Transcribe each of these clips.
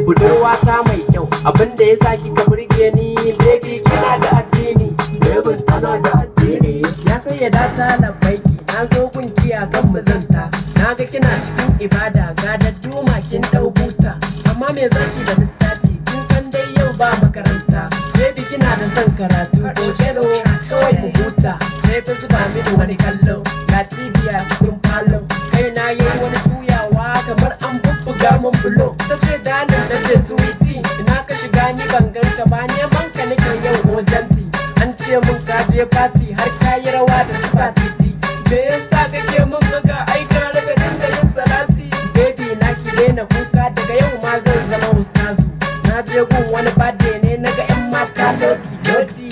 budowata mai kyau abinda ya sa kika burge ni baby kina da addini baby tana da addini na data na labbaiki na zo kungiya kan mazanta na ga kina cikin ibada ga da duma kin dau buta amma me zaki da littafi kin san dai yau ba makaranta baby kina da son karatu ko cero kawai ku huta sai ta zuba mini wani kallo ga tibiya cikin falo kai na yi wani juyawa kamar an bubbuga mun bulo ce suwiti ina ka shiga ni ban ganka ba neman ka nake yau wajen ti an ce mun ka je fati har ka yi rawa da su ti titi me yasa kake mun buga ai ka raka dinga yin salati baby na ki daina kuka daga yau ma zan zama ustazu na je gun wani bade ne na ga yan mata lodi lodi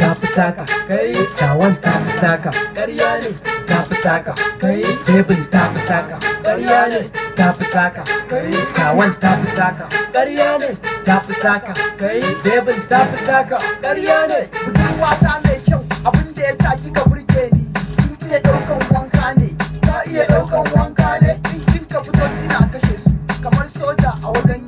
ta fitaka kai cawan ta fitaka ƙarya ne ta fitaka kai table ta fitaka ƙarya ne ta fitaka kai tawal ta ƙarya ne ta bebin ƙarya ne budurwa mai kyau abin da ya sa kika burge ni kin iya ɗaukan wanka ne ta iya ɗaukan wanka ne in kin fito kina kashe su kamar soja a wajen